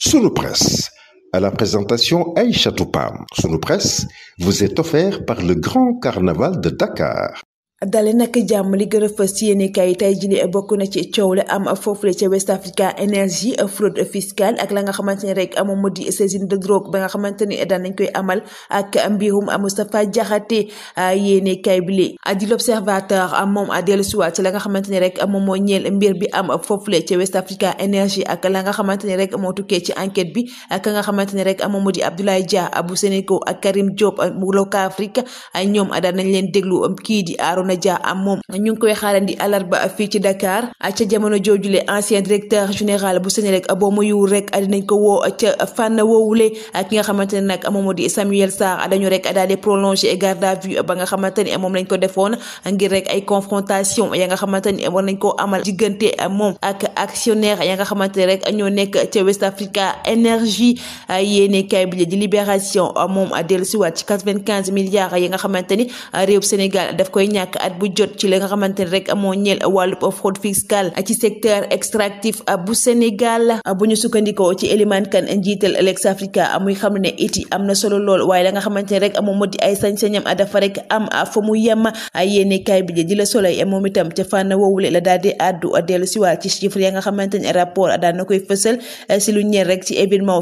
Sunu Presse. À la présentation Aïcha Toupam. Sunu Presse vous est offert par le Grand Carnaval de Dakar. dale nag jàmm li gën a fës ci yéen kaay tay bokk na ci coow la am foofule ca West Africa Energy fraude fiscale ak la nga xamante ne rek moom moo di saisine de drogue ba nga xamante ni daan koy amal ak mbirum Moustapha Diakhaté ah, yéen kaay bile ah, di l'observateur ah, moom dellu siwaat ci la nga xamante ne rek moom moo ñeel mbir bi am foofule ca West Africa Energy ak la nga xamante ne rek moo tukkee ci enquête bi ak nga xamante ne rek moom moo di Abdoulaye Dia bu Sénégal ak Karim Diop bu Locafrique ñoom daan nañ leen déglu kii di Aaron Mamouna Dia am moom ñu ngi koy xaarandi àllarba fii ci Dakar ca jamono joojule ancien directeur général bu Senelec rek dinañ ko woo ca fànn woowule ki nga xamante ne nag moom moo di Samuel Sarr dañu rek daal di prolongé garde à vue ba nga xamante ni moom lañ ko defoon ngir rek ay confrontation ya nga xamante ni war nañ ko amal diggante moom ak actionnaire ya nga xamante ne rek ñoo nekk ca West Africa Énergie yéene kay bi di libération moom dellusiwaat ci quatre-vingt-quinze milliards yi nga xamante ni réew Sénégal daf at bu jot ci li nga ci secteur extractif bu Sénégal bu ñu sukkandikoo ci Elimane na solo lool waaye la nga xamante ne rek moo modi ay sañ-sañam dafa rek am fa mu yem yéene kaay bi di la Soleil moom itam ca fànn woowule la daal di na koy fësal si lu ñeel rek ci événement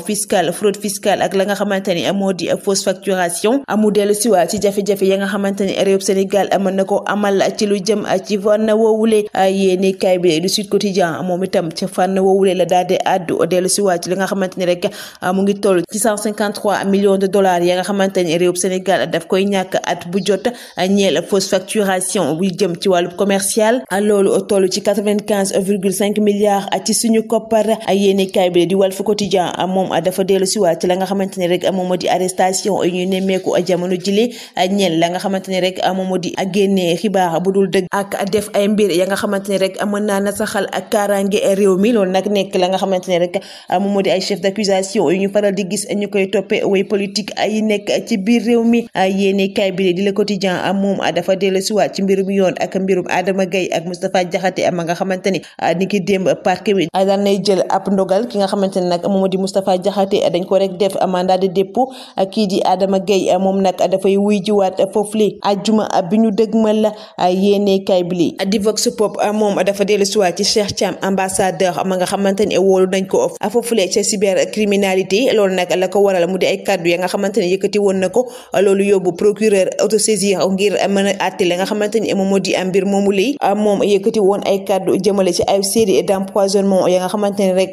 fraude fiscale ak la nga xamante ne moo di fausse facturation amu dellu siwaat ci jafe-jafe ya nga xamante ne réew Sénégal mën na ko amal ci lu jëm ci fànn woowule yéeni kaay bi du Sud Quotidien moom itam ca fànn woowule la daal di addu dellu si waat ci li nga xamante ni rek ah, mu ngi toll ci cent cinquante trois millions de dollars ya nga xamante ni réewum Sénégal daf koy ñàkk at bu jot ñeel fausse facturation bu jëm ci wàllu commercial ah, loolu toll ci quatre vingt quinze virgule cinq milliards ci suñu koppar ah, yéeni kaay bi di Walf Quotidien moom dafa dellu si waat ci la nga xamante ni rek moom moo di arrestation ñuy nemmeeku jamono jile ñeel la nga xamante ni génnee ay a bu dul dëgg ak def ay mbir ya nga xamante ne rek mën naa na saxal ak kaaraange réew mi loolu nag nekk la nga xamante ne rek moom moo ay chef d'accusation yu ñu faral di gis ñu koy toppee way politique yi nekk ci biir réew mi yéeni kay bi di le quotidien moom dafa dellu siwaat ci mbirum yoon ak mbirum Adama Gaye ak Moustapha Diakhaté ma nga xamante ni ni ki démb parquet bi daan nay jël ab ndogal ki nga xamante ne nag moom moo di Moustapha Diakhaté dañ ko rek def mandat de dépôt kii di Adama a moom nag dafay wuy jiwaat foofu li ajjuma bi ñu dëgmal la yéene kay a li di vox pop ah, moom dafa dellu siwaat ah, ya ah, a àtte la ni moom moo di am mbir moomu lay ci ay nga xamante rek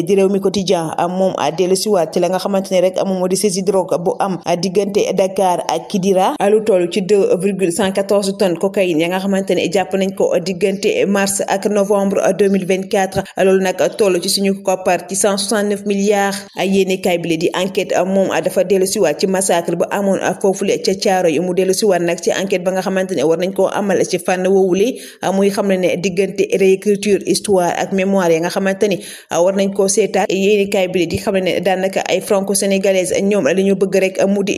dinañ mi quotidien moom dellu siwaat la nga xamante ne moom di saisie drogue bu am diggante Dakar Dakar ak Kidira lu toll ci deux virgule cent quatorze tonnes cocaïne ya nga xamante jàpp nañ ko diggante mars ak novembre deux loolu nag toll ci suñu koppar ci milliards yéene kaay bile di enquête moom dafa dellu siwaat ci massacre ba amoon foofule ca caaro yi mu dellu siwaat nag ci enquête ba nga xamante war nañ koo amal ci fànn woowule muy xam ne ne diggante réécriture histoire ak mémoire ya nga xamante war nañ koo seetaat yéene kaay bile di xam ne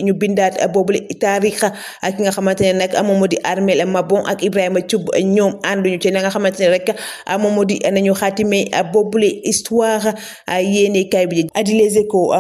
ne boobu la taarixa ak nga xamante ne nag moom moo di Armel Mabon ak Ibrahima Thioub ñoom ànduñu ci na nga xamante ne rek moom moo di nañu xaatime boobule histoire yéene kaay bi di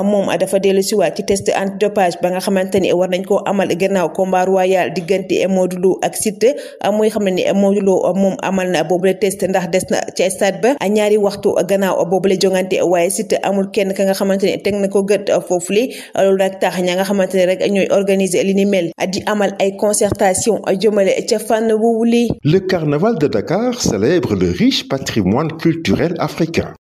moom dafa dellu siwaat ci test antidopage ba nga xamante ni war nañ koo amal gannaaw combat royal diggante Modou Lo ak Siteu muy xam ne ni Modou Lo moom amal na boobule test ndax des na ci stade ba ñaari waxtu gannaaw boobule jongante waaye Siteu amul kenn ka nga xamante ne teg na ko gët foofule loolu nag tax ña nga xamante ne rek ñooy li ni mel di amal ay concertation jëmale ca fànn woowu le carnaval de Dakar célèbre le riche patrimoine culturel africain